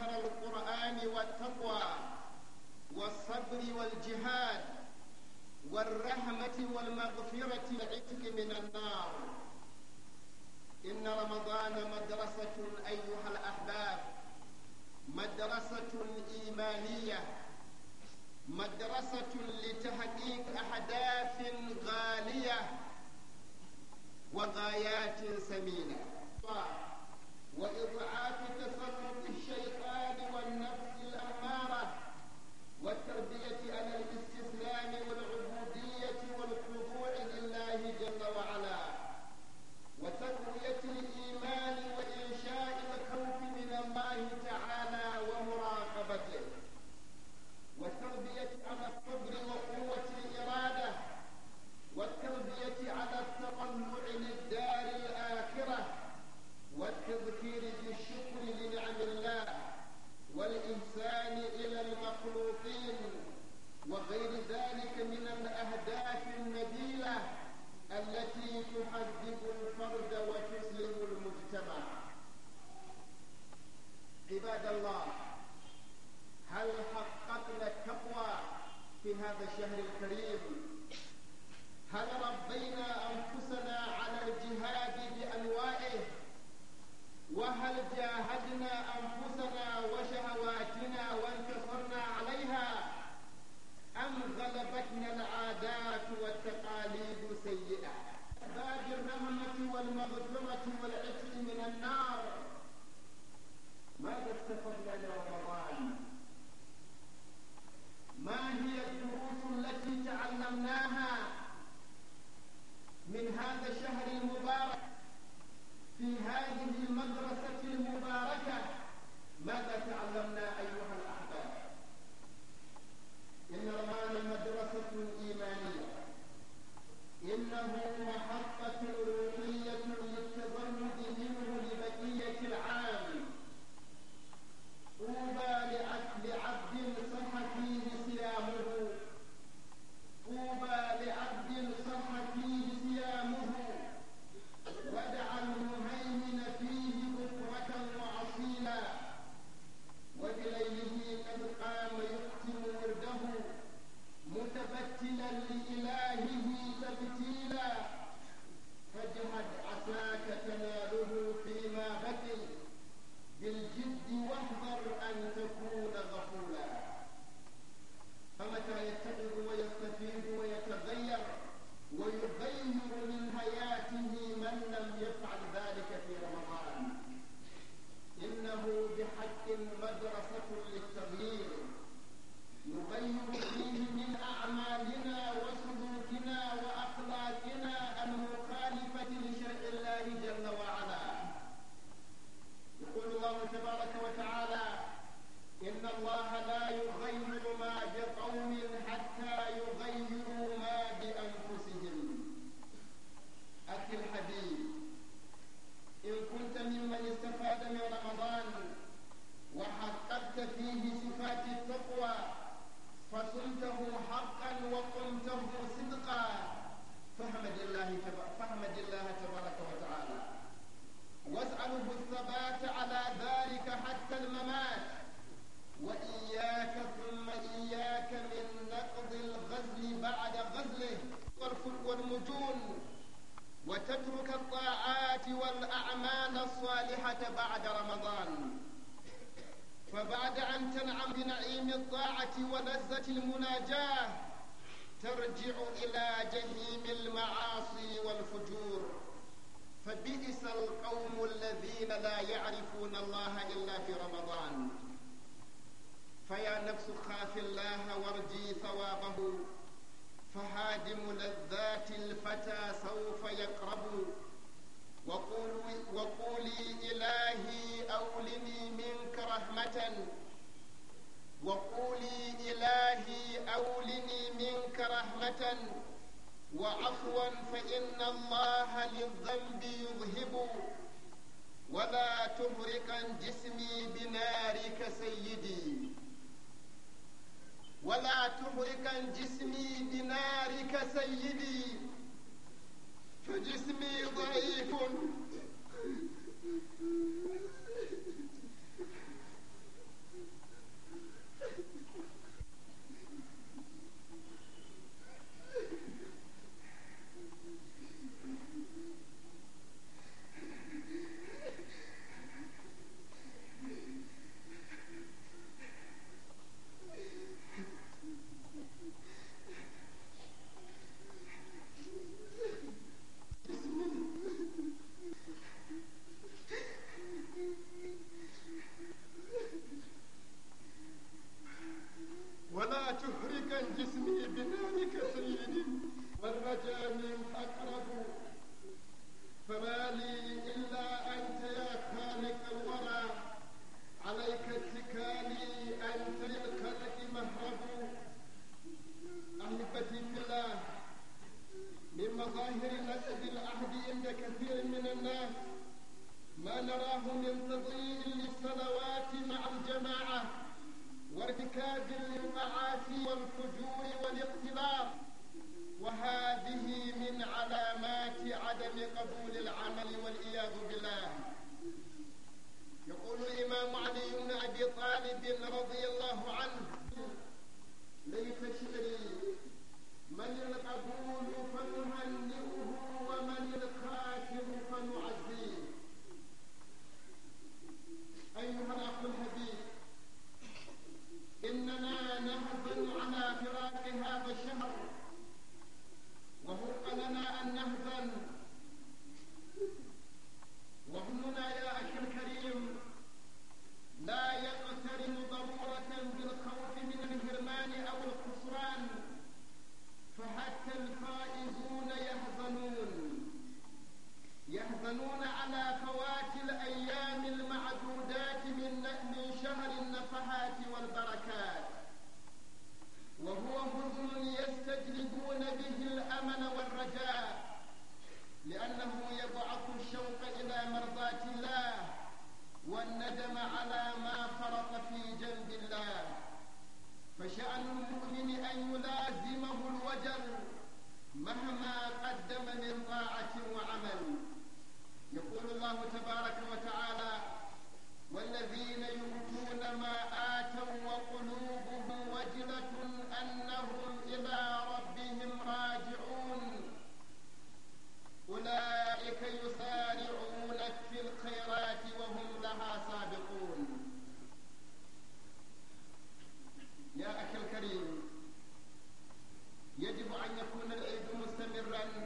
أهل القرآن والتقوى والصبر والجهاد والرحمة والمغفرة العتق من النار إن رمضان مدرسة أيها الأحباب مدرسة إيمانية مدرسة لتحقيق أهداف غالية وغايات سمينة وإضعاف تسلط هل جاهدنا أنفسنا عن جسمي بنارك سيدي ولا عن جسمي بنارك سيدي فجسمي ضعيف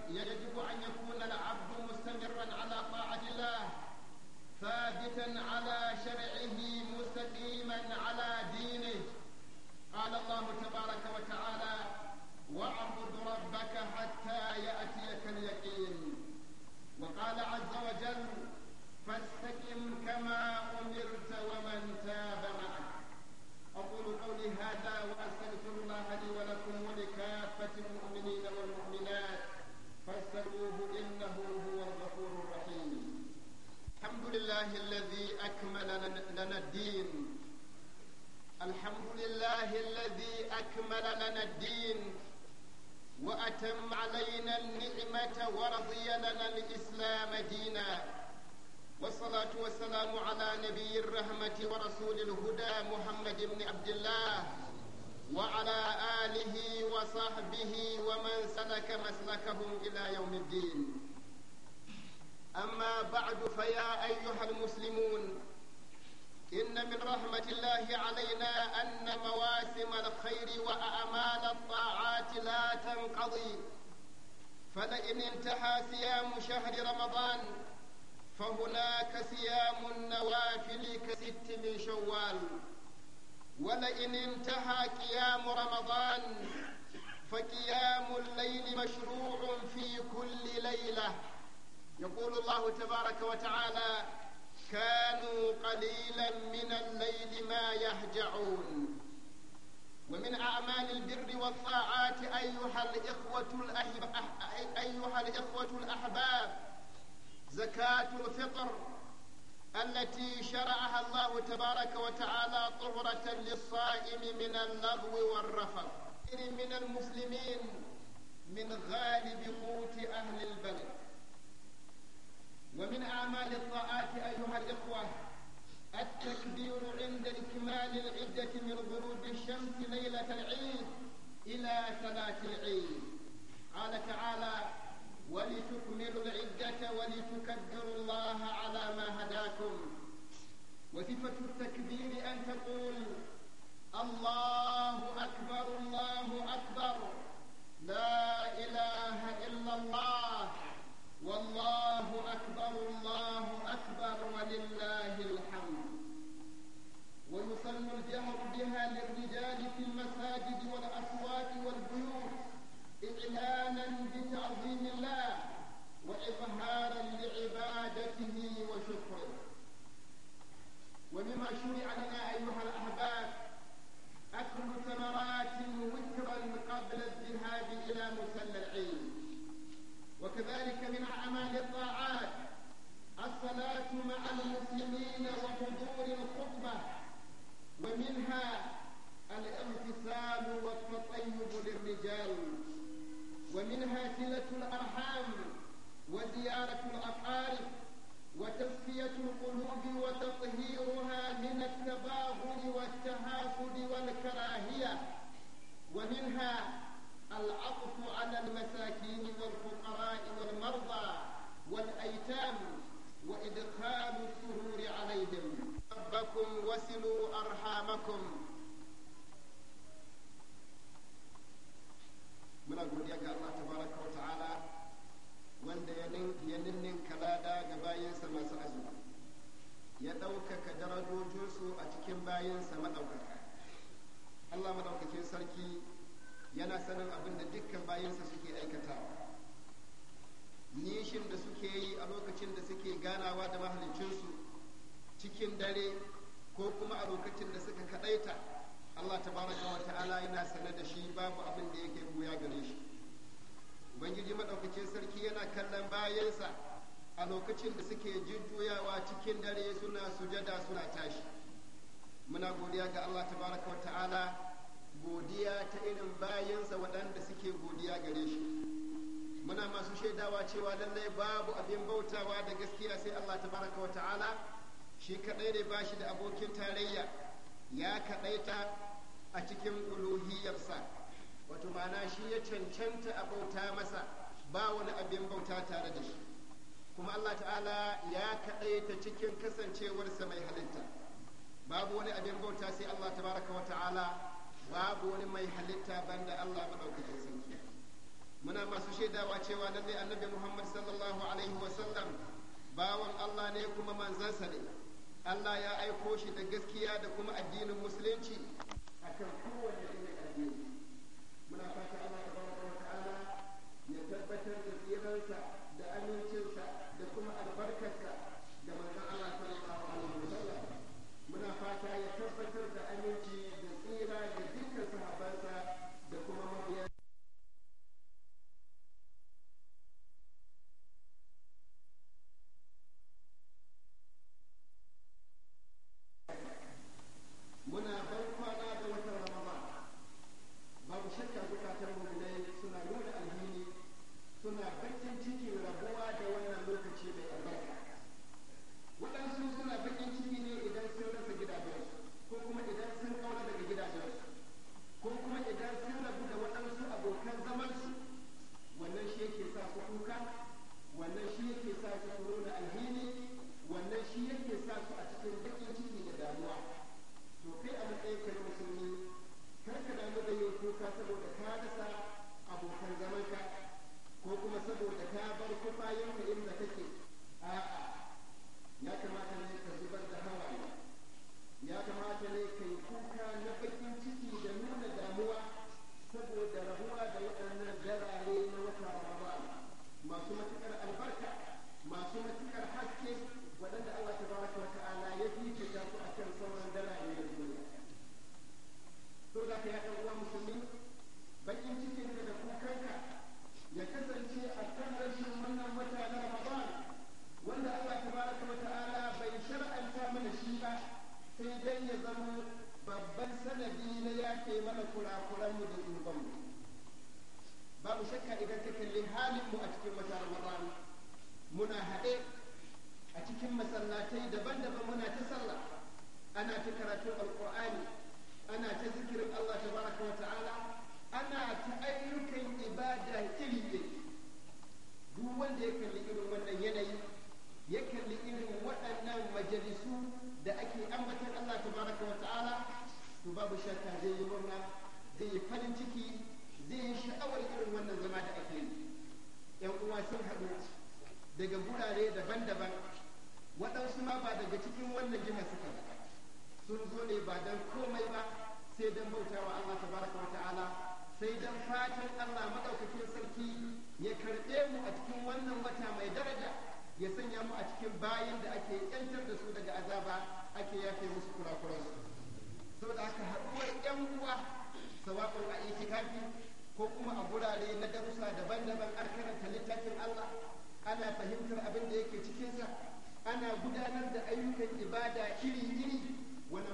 يجب أن يكون العبد مستمرا على طاعة الله ثابتا على شرعه مستقيما على دينه قال الله تبارك وتعالى واعبد ربك حتى يأتيك اليقين وقال عز وجل فاستقم كما أمرت ومن تاب معك أقول قولي هذا وأستغفر الله لي ولكم ولكافة المؤمنين والمؤمنات فاستقوه إنه هو الغفور الرحيم الحمد لله الذي أكمل لنا الدين الحمد لله الذي أكمل لنا الدين وأتم علينا النعمة ورضي لنا الإسلام دينا والصلاة والسلام على نبي الرحمة ورسول الهدى محمد بن عبد الله وعلى آله وصحبه ومن سلك مسلكهم إلى يوم الدين أما بعد فيا أيها المسلمون إن من رحمة الله علينا أن مواسم الخير وأعمال الطاعات لا تنقضي فلئن انتهى صيام شهر رمضان فهناك صيام النوافل كست من شوال ولئن انتهى قيام رمضان فقيام الليل مشروع في كل ليلة يقول الله تبارك وتعالى كانوا قليلا من الليل ما يهجعون ومن أعمال البر والطاعات أيها الإخوة أيها الإخوة الأحباب زكاة الفطر التي شرعها الله تبارك وتعالى طهرة للصائم من اللغو والرفض من المسلمين من غالب قوت أهل البلد ومن أعمال الطاعات أيها الإخوة التكبير عند إكمال العدة من غروب الشمس ليلة العيد إلى صلاة العيد قال تعالى ولتكملوا العدة ولتكبروا الله على ما هداكم وصفة التكبير أن تقول الله أكبر الله أكبر لا إله إلا الله والله أكبر الله أكبر ولله الحمد ويصل الجهر بها للرجال في المساجد والأسواق والبيوت إعلانا بتعظيم الله وإظهارا لعبادته وشكره ومما شرع لنا أيها الأحباب أكل ثمرات وكرا قبل الذهاب إلى مسلى العيد وكذلك من أعمال الطاعات الصلاة مع المسلمين وحضور الخطبة ومنها الاغتسال والتطيب للرجال ومنها صلة الأرحام وزيارة الأقارب وتصفية القلوب وتطهيرها من التباغض والتهافت والكراهية ومنها العطف على المساكين والفقراء والمرضى والأيتام وإدخال السرور عليهم ربكم وسلوا أرحامكم muna godiya ga Allah tabaraka wa ta'ala wanda ya ninnin kalada ga bayansa masu azumi ya ɗaukaka darajojinsu a cikin bayansa maɗaukaka Allah maɗaukakin sarki yana sanin abin da dukkan bayansa suke aikatawa nishin da suke yi a lokacin da suke ganawa da mahalicinsu cikin dare ko kuma a lokacin da suka kaɗaita Allah tabaraka wa ta'ala yana sanar da shi babu abin da yake buya gare shi ubangiji maɗaukacin sarki yana kallon bayansa a lokacin da suke jujjuyawa cikin dare suna sujada suna tashi muna godiya ga Allah tabaraka wa ta'ala godiya ta irin bayansa waɗanda suke godiya gare shi muna masu shaidawa cewa lallai babu abin bautawa da gaskiya sai Allah tabaraka wa ta'ala shi kaɗai ne bashi da abokin tarayya ya kaɗaita a cikin uluhiyarsa wato mana shi ya cancanta a bauta masa ba wani abin bauta tare da shi kuma Allah ta'ala ya kaɗaita cikin kasancewarsa mai halitta babu wani abin bauta sai Allah tabaraka wa ta'ala babu wani mai halitta banda Allah maɗaukakin sarki muna masu shaidawa cewa lalle annabi Muhammad sallallahu alaihi wa sallam bawan Allah ne kuma manzansa ne Allah ya aiko shi da gaskiya da kuma addinin musulunci Thank you.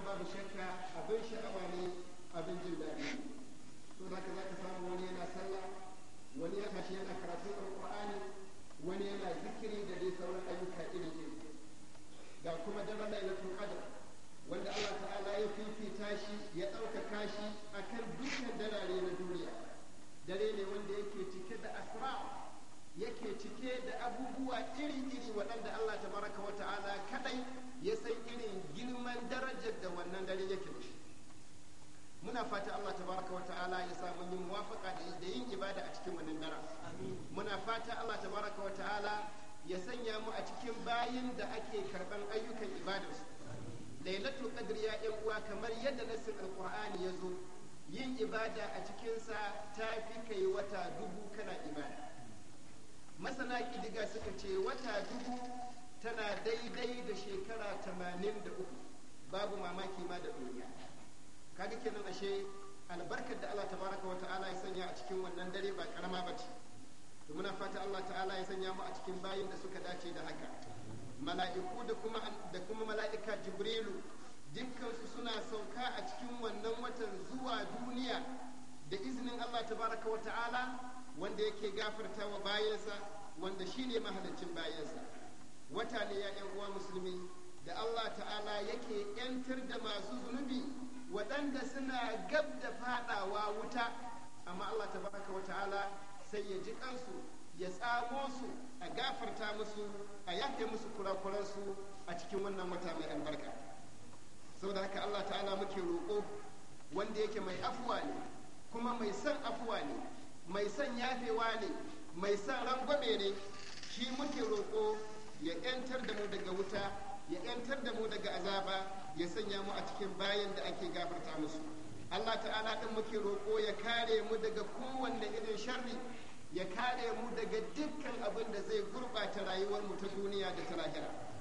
بقى بشكل kamar yadda nasir alkur'ani ya zo yin ibada a cikinsa ta fi kai wata dubu kana ibada masana kidiga suka ce wata dubu tana daidai da shekara tamanin da uku babu mamaki ma da duniya kaga kenan ashe albarkar da Allah tabaraka wa ta'ala ya sanya a cikin wannan dare ba karama ba ce to muna fata Allah ta'ala ya sanya mu a cikin bayin da suka dace da haka mala'iku da kuma mala'ika jibrilu dukkansu suna sauka a cikin wannan watan zuwa duniya da izinin Allah tabaraka wa ta'ala wanda yake gafarta wa bayansa wanda shi ne mahalicin bayansa wata ne ya yan uwa musulmi da Allah ta'ala yake yantar da masu zunubi waɗanda suna gab da fadawa wuta amma Allah tabaraka wa ta'ala sai ya ji kansu ya tsamo su a gafarta musu a yafe musu kurakuransu a cikin wannan wata mai albarka saboda haka Allah ta'ala muke roƙo wanda yake mai afuwa ne kuma mai son afuwa ne mai son yafewa ne mai son rangwame ne shi muke roƙo ya 'yantar da mu daga wuta ya 'yantar da mu daga azaba ya sanya mu a cikin bayan da ake gafarta musu Allah ta'ala ɗin muke roƙo ya kare mu daga kowanne irin sharri ya kare mu daga dukkan abin da zai gurɓata rayuwar mu ta duniya da ta lahira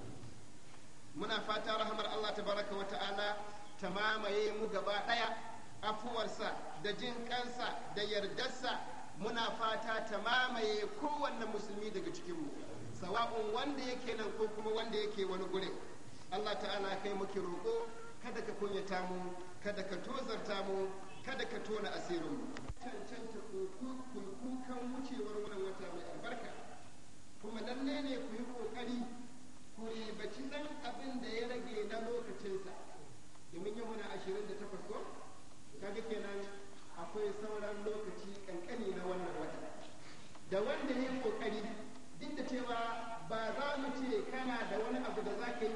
muna fata rahamar Allah ta baraka wa ta'ala ta mamaye mu gaba ɗaya afuwarsa da jin kansa da yardarsa muna fata ta mamaye kowanne musulmi daga cikinmu sawa'un wanda yake nan ko kuma wanda yake wani gure Allah ta'ala kai muke roƙo kada ka kunyata mu kada ka tozarta mu kada ka tona asirin mu cancanta kukan wucewar wannan wata mai albarka kuma lalle ne ku because I came.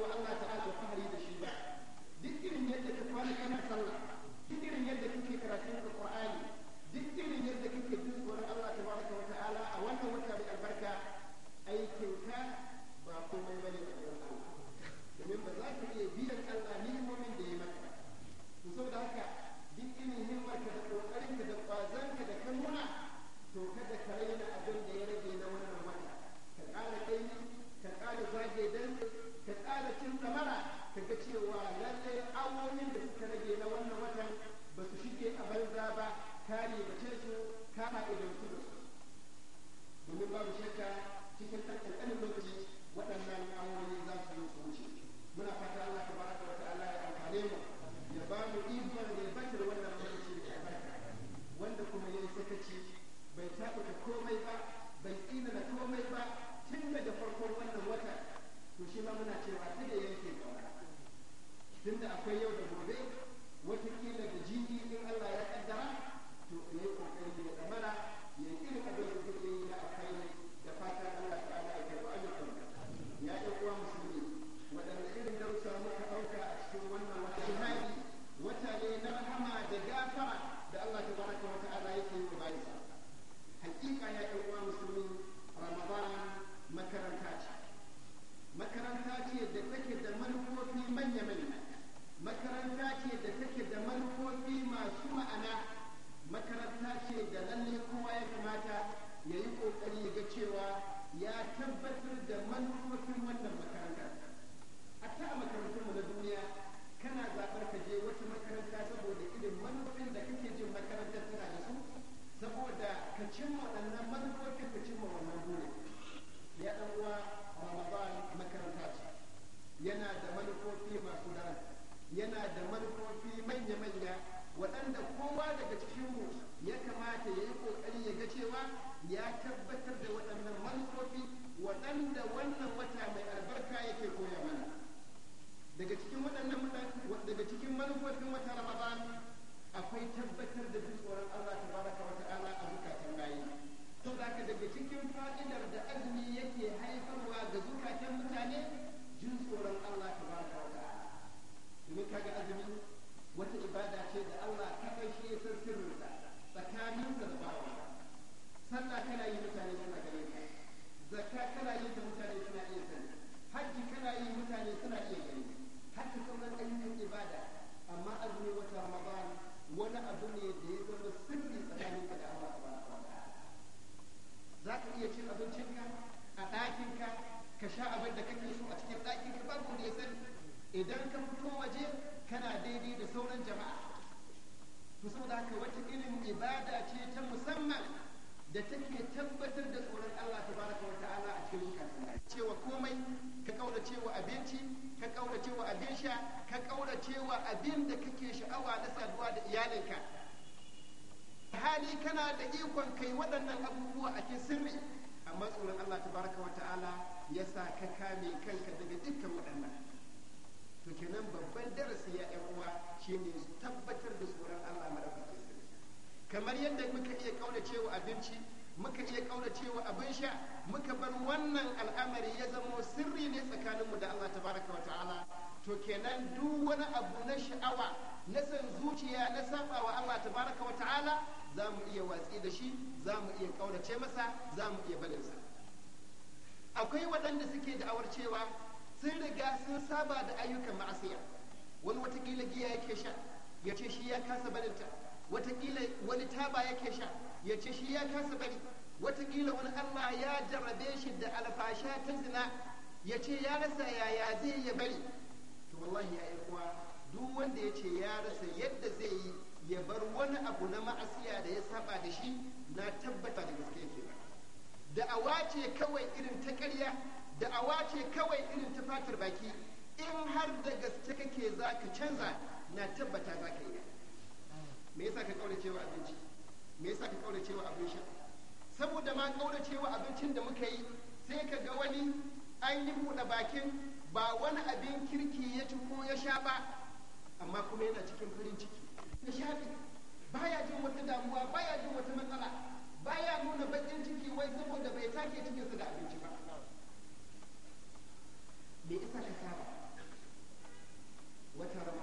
ce da take da manufofi masu ma'ana makaranta ce da lalle kowa ya kamata ya yi ƙoƙari ya ga cewa ya tabbatar da manufofin wannan makaranta hatta makarantar mu na duniya kana sha abin da kake so a cikin ɗaki da babu da ya san idan ka fito waje kana daidai da sauran jama'a to saboda haka wata irin ibada ce ta musamman da take tabbatar da tsoron Allah tabaraka wa ta'ala a cikin zukatan cewa komai ka kaurace wa abinci ka kaurace wa abin sha ka kaurace wa abin da kake sha'awa na saduwa da iyalinka hali kana da ikon kai waɗannan abubuwa a cikin sirri amma tsoron Allah tabaraka wa ta'ala ya sa ka kame kanka daga dukkan waɗannan to kenan babban darasi ya yan uwa shine tabbatar da tsoron Allah madaukakin kamar yadda muka iya cewa abinci muka iya cewa abin sha muka bar wannan al'amari ya zamo sirri ne tsakaninmu da Allah tabaraka wa ta'ala to kenan duk wani abu na sha'awa na san zuciya na saba wa Allah tabaraka wa ta'ala za mu iya watsi da shi za mu iya ƙaunace masa za mu iya balinsa. akwai waɗanda suke da'awar cewa sun riga sun saba da ayyukan ma'asiya wani watakila giya yake sha ya ce shi ya kasa barinta watakila wani taba yake sha ya ce shi ya kasa bari watakila wani allah ya jarrabe shi da alfasha ta zina ya ce ya rasa yaya zai ya bari to wallahi ya yi kuwa duk wanda ya ce ya rasa yadda zai yi ya bar wani abu na ma'asiya da ya saba da shi na tabbata da gaske da'awa ce kawai irin ta ƙarya da'awa ce kawai irin ta fatar baki in har da gaske kake za ka canza na tabbata za ka yi me yasa ka kaura wa abinci me yasa ka kaura wa abin sha saboda ma kaura wa abincin da muka yi sai ka ga wani an yi buɗe bakin ba wani abin kirki ya ci ko ya sha ba amma kuma yana cikin farin ciki ya shafi baya jin wata damuwa baya jin wata matsala baya nuna baƙin ciki wai saboda bai cikin su da abinci ba me isa ka saba wata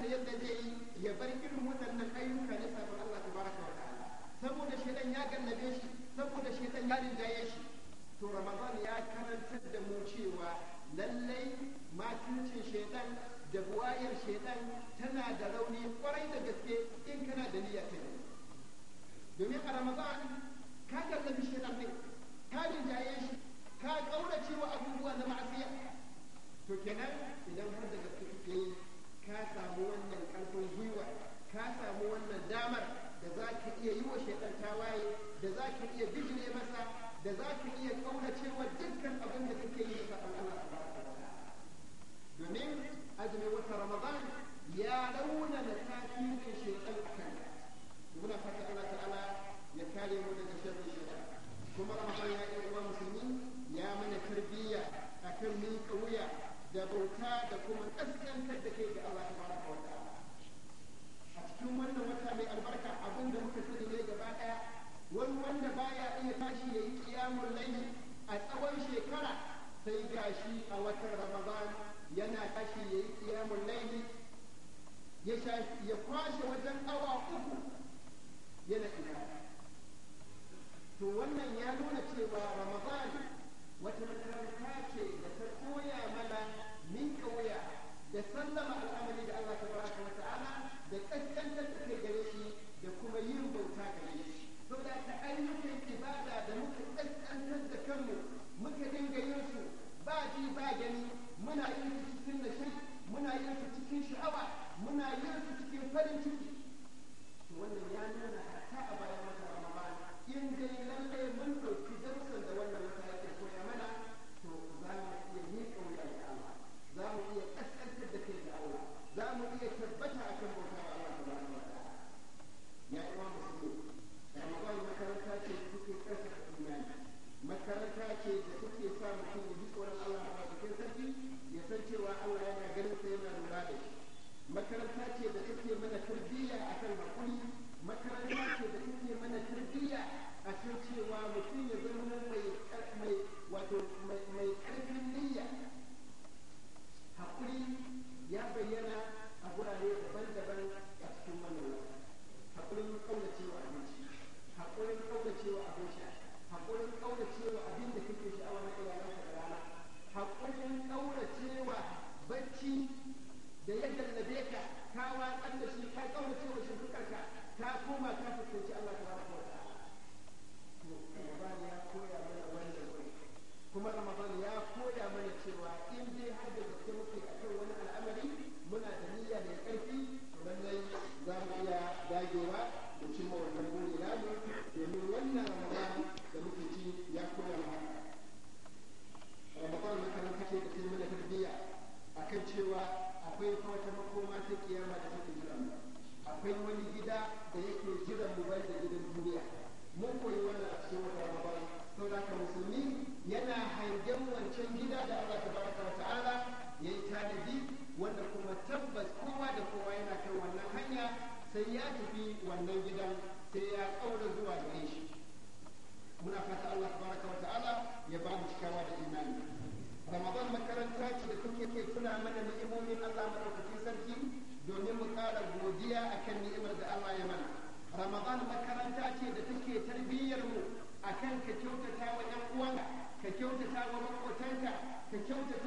da yadda zai yi ya bar irin waɗannan ayyuka na sabon Allah ta baraka wa ta'ala saboda shedan ya gallabe shi saboda shedan ya rinjaye shi to Ramadan ya karantar da mu cewa lallai makincin shedan da buwayar shedan tana da rauni kwarai da gaske in kana da niyya ta domin a Ramadan ka gallabi shedan ne ka rinjaye shi ka kaurace wa abubuwa na ma'asiya to kenan idan har da gaske kake yi ka samu wannan karfin gwiwa ka samu wannan damar da za ka iya yi wa shaitan tawaye da za ka iya bijire masa da za ka iya cewa dukkan abin da kake yi masa Allah domin azumin wata ramadan ya launa da tasiri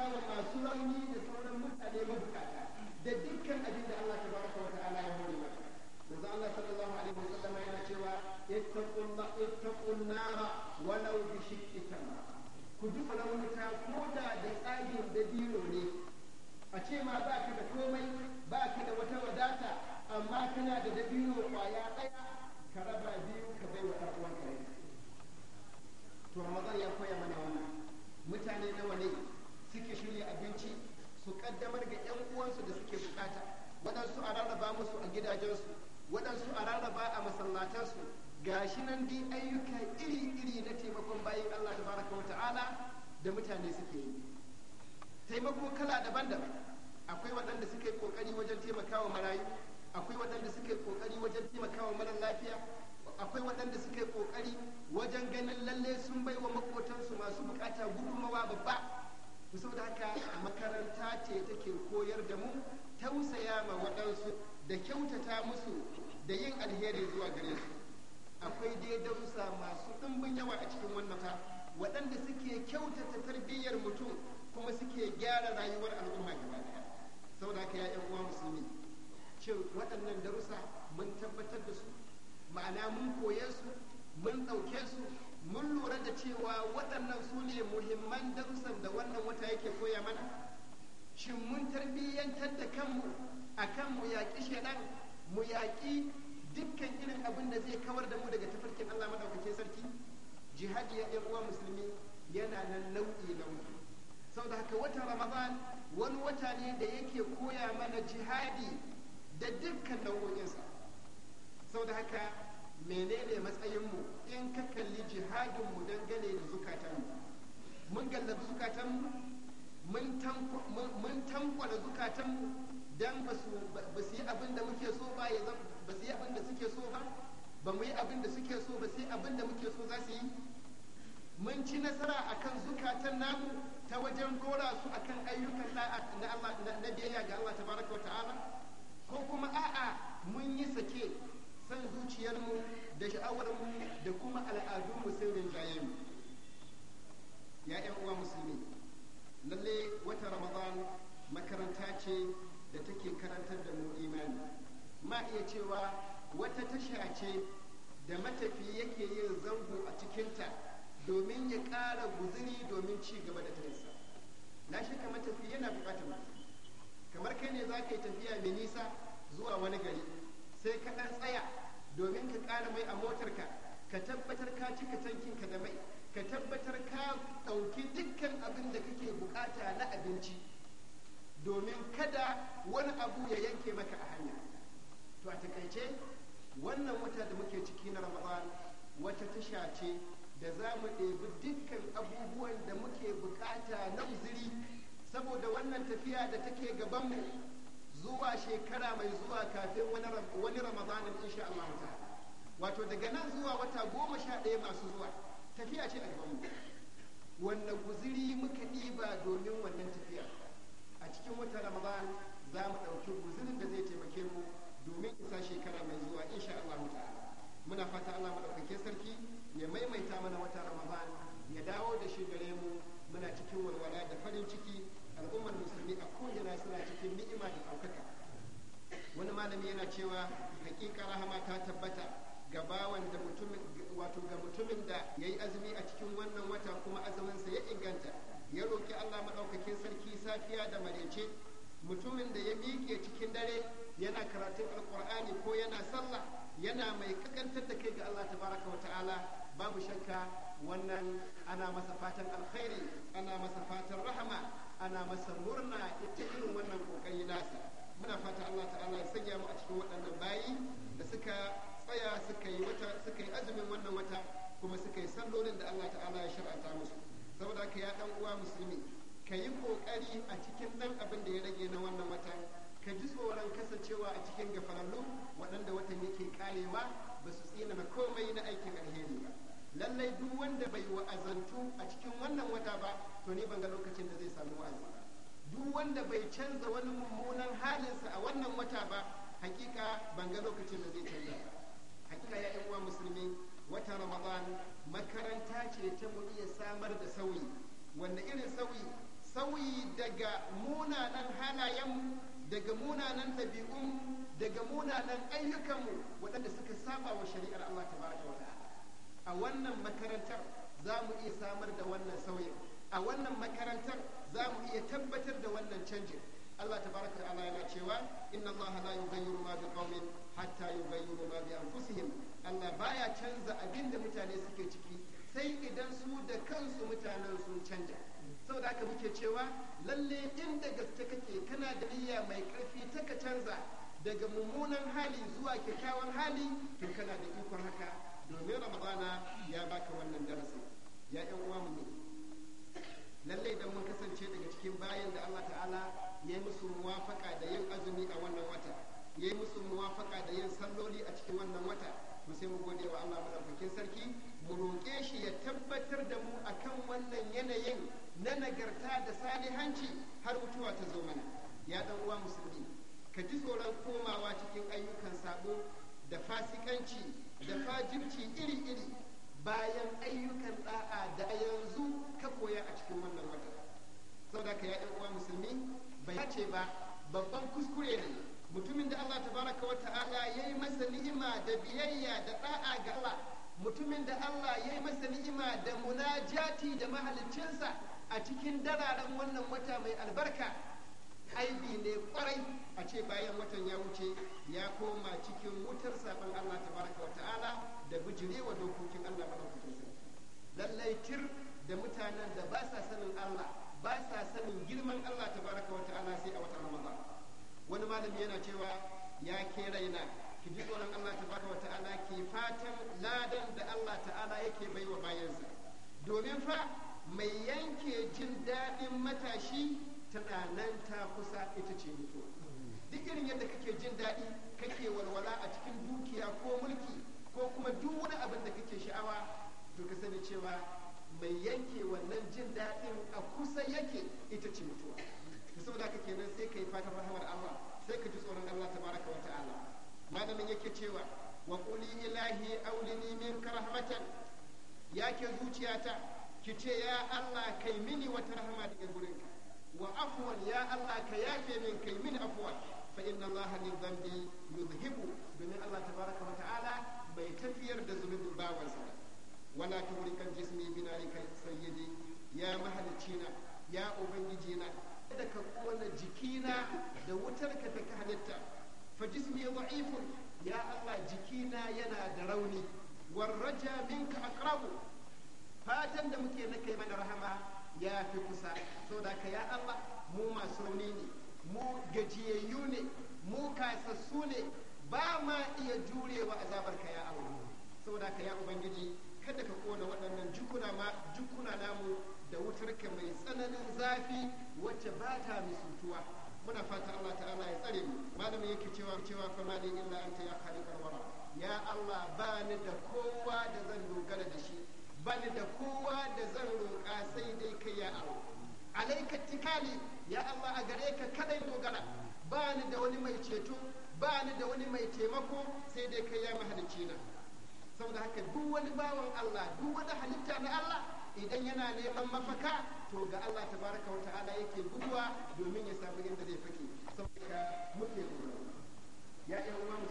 bawa masu rauni da sauran mutane mabukata da dukkan abin da Allah tabaraka wa ta'ala ya hore maka za Allah sallallahu alaihi wa sallama yana cewa ittaqullah ittaqun nar walau bi ita tamra ku duka launuka ko da da tsagin da biro ne a ce ma ba ka da komai ba ka da wata wadata amma kana da dabino kwaya ɗaya ka raba biyu ka bai wa ɗan uwanka to zan ya koya mana wannan mutane nawa ne kaddamar ga 'yan uwansu da suke bukata waɗansu a rarraba musu a gidajensu waɗansu a rarraba a masallatansu gashi nan dai ayyuka iri-iri na taimakon bayan Allah tabaraka wa ta'ala da mutane suke yi taimako kala daban-daban akwai waɗanda suke kokari wajen taimakawa marayu akwai waɗanda suke kokari wajen taimakawa mara lafiya akwai waɗanda suke kokari wajen ganin lalle sun bai wa makotansu masu bukata gudunmawa babba saboda haka makaranta ce take koyar da mu tausaya ma waɗansu da kyautata musu da yin alheri zuwa gare su akwai dai darussa masu ɗimbin yawa a cikin wannan ta waɗanda suke kyautata tarbiyyar mutum kuma suke gyara rayuwar al'umma gaba ɗaya saboda haka ya uwa musulmi ce waɗannan darussa mun tabbatar da su ma'ana mun koye su mun ɗauke su mun lura da cewa waɗannan su ne muhimman darussan da wannan wata yake koya mana shin mun tarbiyyantar da kanmu a kan mu yaƙi shaidan mu yaƙi dukkan irin abin da zai kawar da mu daga tafarkin Allah maɗaukakin sarki jihadi ya ɗan uwa musulmi yana nan nau'i nau'i saboda haka wata ramadan wani wata ne da yake koya mana jihadi da dukkan nau'o'insa saboda haka menene matsayinmu in ka kalli jihadinmu dangane da zukatanmu mun gallabi zukatanmu mun tankwada zukatanmu don ba su yi abin da muke so ba ya zan ba su yi abin da suke so ba ba mu yi abin da suke so ba su yi abin da muke so za su yi mun ci nasara akan zukatan namu ta wajen rora su akan ayyukan na biyayya ga Allah tabaraka wa ta'ala ko kuma a'a mun yi sake san zuciyarmu da sha'awarmu da kuma al'adunmu sun rinjaye mu ya yan uwa musulmi lalle wata ramadan makaranta ce da take karantar da mu imani ma iya cewa wata tasha ce da matafi yake yin zango a cikinta domin ya ƙara guzuri domin ci gaba da tarisa. na ka matafi yana buƙatar kamar kai ne za ka yi tafiya mai nisa zuwa wani gari sai ka ɗan tsaya domin ka ƙara mai a motarka ka tabbatar ka cika tankinka da mai ka tabbatar ka ɗauki dukkan abin da kake bukata na abinci domin kada wani abu ya yanke maka a hanya to a takaice wannan wata da muke ciki na ramadan wata tasha ce da za mu ɗebi dukkan abubuwan da muke bukata na uzuri saboda wannan tafiya da take gabanmu zuwa shekara mai zuwa kafin wani ramadanin insha Allah wato daga nan zuwa wata goma sha ɗaya masu zuwa tafiya ce a gabanmu wanda guziri muka ɗiba domin wannan tafiya a cikin wata ramadan za mu ɗauki guzirin da zai taimake mu domin isa shekara mai zuwa insha Allah ta'ala muna fata Allah ɗaukake sarki ya maimaita mana wata ramadan ya dawo da shi gare mu muna cikin walwala da farin ciki malami yana cewa hakika rahama ta tabbata ga bawan da mutumin wato ga mutumin da ya yi azumi a cikin wannan wata kuma azuminsa ya inganta ya roƙi Allah maɗaukakin sarki safiya da marece mutumin da ya miƙe cikin dare yana karatun Alƙur'ani ko yana sallah yana mai kakantar da kai ga Allah tabaraka wa ta'ala babu shakka wannan ana masa fatan alkhairi ana masa fatan rahama ana masa murna ita irin wannan ƙoƙari nasa muna fata Allah ta'ala ya sanya mu a cikin waɗannan bayi da suka tsaya suka yi wata suka yi azumin wannan wata kuma suka yi sallolin da Allah ta'ala ya shar'anta musu saboda haka ya dan uwa musulmi ka yi kokari a cikin nan abin da ya rage na wannan watan ka ji tsoron kasancewa a cikin gafarallu waɗanda watan yake karewa ba su tsina komai na aikin alheri ba lallai duk wanda bai wa'azantu a cikin wannan wata ba to ni ban ga lokacin da zai samu wa'azi ba duk wanda bai canza wani mummunan halinsa a wannan wata ba hakika ban ga lokacin da zai canza ba hakika ya uwa musulmi wata ramadan makaranta ce ta mu iya samar da sauyi wanda irin sauyi sauyi daga munanan halayenmu daga munanan dabi'un. daga munanan ayyukanmu waɗanda suka saba wa shari'ar Allah ta baraka wa a wannan makarantar za mu iya samar da wannan sauyin a wannan makarantar za mu iya tabbatar da wannan canjin Allah ta baraka ta'ala yana cewa inna Allah la yughayyiru ma bi qaumin hatta yughayyiru ma bi anfusihim Allah baya canza abin da mutane suke ciki sai idan su da kansu mutanen sun canja saboda haka muke cewa lalle inda gaske kake kana da niyya mai karfi ta canza daga mummunan hali zuwa kyakkyawan hali to kana da ikon haka domin ramadana ya baka wannan darasi ya yan uwa mu lallai idan mun kasance daga cikin bayan da Allah ta'ala ya yi musu muwafaka da yin azumi a wannan wata ya yi musu muwafaka da yin salloli a cikin wannan wata mu sai mu gode wa Allah madaukakin sarki mu roƙe shi ya tabbatar da mu akan wannan yanayin na nagarta da salihanci har mutuwa ta zo mana ya dan uwa musulmi ka ji tsoron komawa cikin ayyukan sabo da fasikanci da fajirci iri-iri bayan ayyukan da'a da yanzu ka koya a cikin wannan wata saboda ka ya uwa musulmi bai ce ba babban kuskure ne mutumin da Allah tabaraka wa ta'ala yayi masa ni'ima da biyayya da da'a ga Allah mutumin da Allah yayi masa ni'ima da munajati da mahalicinsa a cikin dararen wannan wata mai albarka aibi ne kwarai a ce bayan watan ya wuce ya koma cikin wutar sabon Allah baraka wa ta'ala da wa dokokin Allah madaukakin sarki lallai tir da mutanen da ba sa sanin Allah ba sa sanin girman Allah baraka wa ta'ala sai a watan Ramadan wani malami yana cewa ya ke raina ki ji tsoron Allah baraka wa ta'ala ki fatan ladan da Allah ta'ala yake baiwa bayansa domin fa mai yanke jin daɗin matashi tana nan ta kusa ita ce mutuwa duk irin yadda kake jin daɗi kake walwala a cikin dukiya ko mulki ko kuma duk wani abin da kake sha'awa to ka sani cewa mai yanke wannan jin daɗin a kusa yake ita ce mutuwa saboda kake nan sai ka yi fatan rahamar Allah sai ka ji tsoron Allah tabaraka wa ta'ala malamin yake cewa wa quli ilahi awlini min karahmatan yake zuciyata ki ce ya Allah kai mini wata rahama daga gurinka wa afwan ya Allah ka yafe min kai min afwa fa inna Allah min dhanbi yuzhibu domin Allah tabaraka wa ta'ala bai tafiyar da zunubin bawansa wala tuhrikan jismi binarika sayyidi ya mahalicina ya ubangijina da ka kona jikina da wutar ka ta halitta fa jismi da'ifun ya Allah jikina yana da rauni warraja minka aqrabu fatan da muke na kai mana rahama ya fi kusa so da ka ya Allah mu masu rauni ne mu gajiyayyu ne mu kasassu ne ba ma iya jurewa azabar ka ya Allah da ka ya ubangiji kada ka kona waɗannan jukuna ma jukuna namu da wutar ka mai tsananin zafi wacce ba ta misutuwa muna fata Allah ta'ala ya tsare mu malamin yake cewa cewa fa malin illa anta ya khaliqal wara ya Allah ba ni da kowa da zan dogara da shi bani da kowa da zan roƙa sai dai ka ya aro, alaika tikali ya Allah a gare ka kadai dogara ba ni da wani mai ceto bani da wani mai taimako sai dai ka ya mahalicci na saboda haka duk wani bawan Allah duk wani halitta na Allah idan yana neman mafaka to ga Allah tabaraka wa ta'ala yake guduwa domin ya samu inda zai fake saboda muke ya ƴan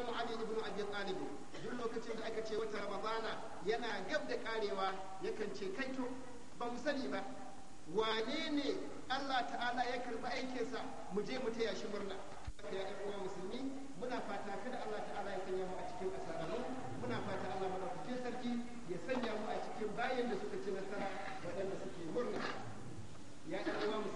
imamu ali ibn abi talib duk lokacin da aka ce wata ramadana yana gab da karewa yakan ce kai to ba mu sani ba wane ne Allah ta'ala ya karbi sa mu je mu taya shi murna ya ɗan uwa musulmi muna fata kada Allah ta'ala ya sanya mu a cikin asararu muna fata Allah madaukakin sarki ya sanya mu a cikin bayan da suka ci nasara waɗanda suke murna ya ɗan uwa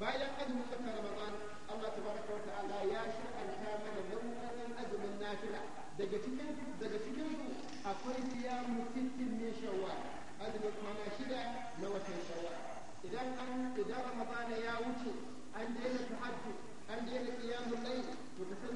bayan azumin watan ramadan Allah tabaraka wa ta'ala ya shir'anta mana nau'in azumin nafila daga cikin daga cikin su akwai siyamu sittin min shawwal azumin kwana shida na watan shawwal idan an idan ramadan ya wuce an daina tahajjud an daina qiyamul layl to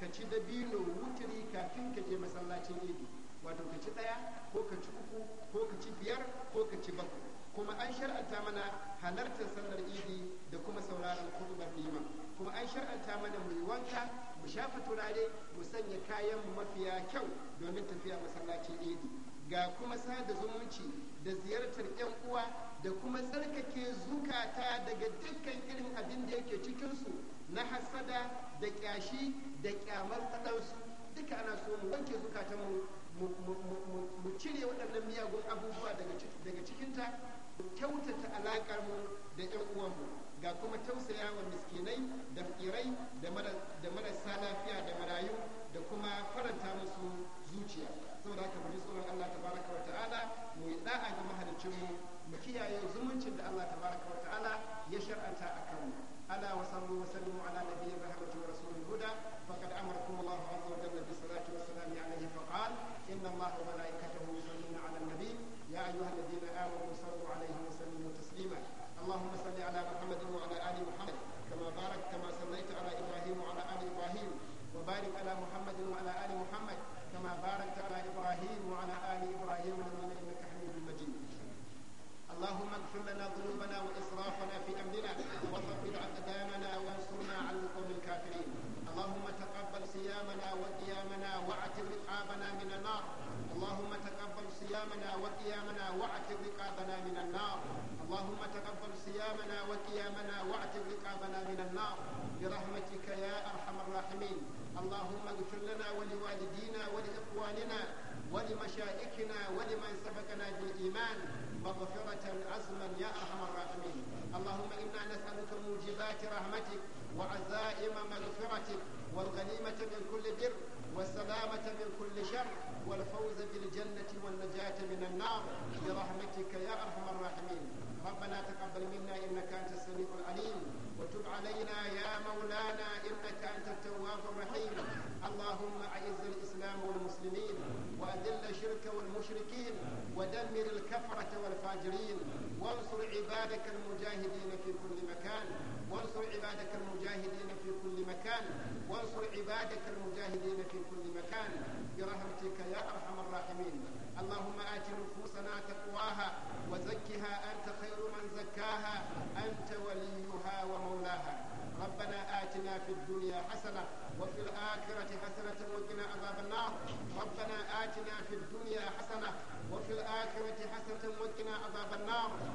ka ci dabino wutiri kafin ka je masallacin idi wato ka ci ɗaya ko ka ci uku ko ka ci biyar ko ka ci bakwai kuma an shar'anta mana halartar sallar idi da kuma sauraron kutubar liman kuma an shar'anta mana mu yi wanka mu shafa turare mu sanya kayan mu mafiya kyau domin tafiya masallacin idi ga kuma sada zumunci da ziyartar yan uwa da kuma tsarkake zukata daga dukkan irin abin da yake cikinsu na hasada da kyashi da kyamar waɗansu duka ana so mu wanke zukatan mu mu cire waɗannan miyagun abubuwa daga cikinta mu kyautata alaƙar mu da ƴan uwanmu ga kuma tausaya wa miskinai da fakirai da marasa lafiya da marayu da kuma faranta musu zuciya saboda haka mu ji tsoron Allah tabaraka wa ta'ala mu yi da'a ga mahalicin mu mu kiyaye zumuncin da Allah tabaraka wa ta'ala ya shar'anta a kanmu. ala wa sallu صيامنا وقيامنا واعتق رقابنا من النار برحمتك يا ارحم الراحمين اللهم اغفر لنا ولوالدينا ولاخواننا ولمشائكنا ولمن سبقنا بالايمان مغفرة عزما يا ارحم الراحمين اللهم انا نسالك موجبات رحمتك وعزائم مغفرتك والغنيمة من كل بر والسلامة من كل شر والفوز بالجنة والنجاة من النار برحمتك يا ارحم الراحمين ربنا تقبل منا إنك أنت السميع العليم وتب علينا يا مولانا إنك أنت التواب الرحيم اللهم أعز الإسلام والمسلمين وأذل الشرك والمشركين ودمر الكفرة والفاجرين وانصر عبادك المجاهدين في كل مكان وانصر عبادك المجاهدين في كل مكان وانصر عبادك المجاهدين في كل مكان برحمتك يا أرحم الراحمين اللهم آت نفوسنا تقواها وزكها أنت خير وزكاها أنت وليها ومولاها ربنا آتنا في الدنيا حسنة وفي الآخرة حسنة وقنا عذاب النار ربنا آتنا في الدنيا حسنة وفي الآخرة حسنة وقنا عذاب النار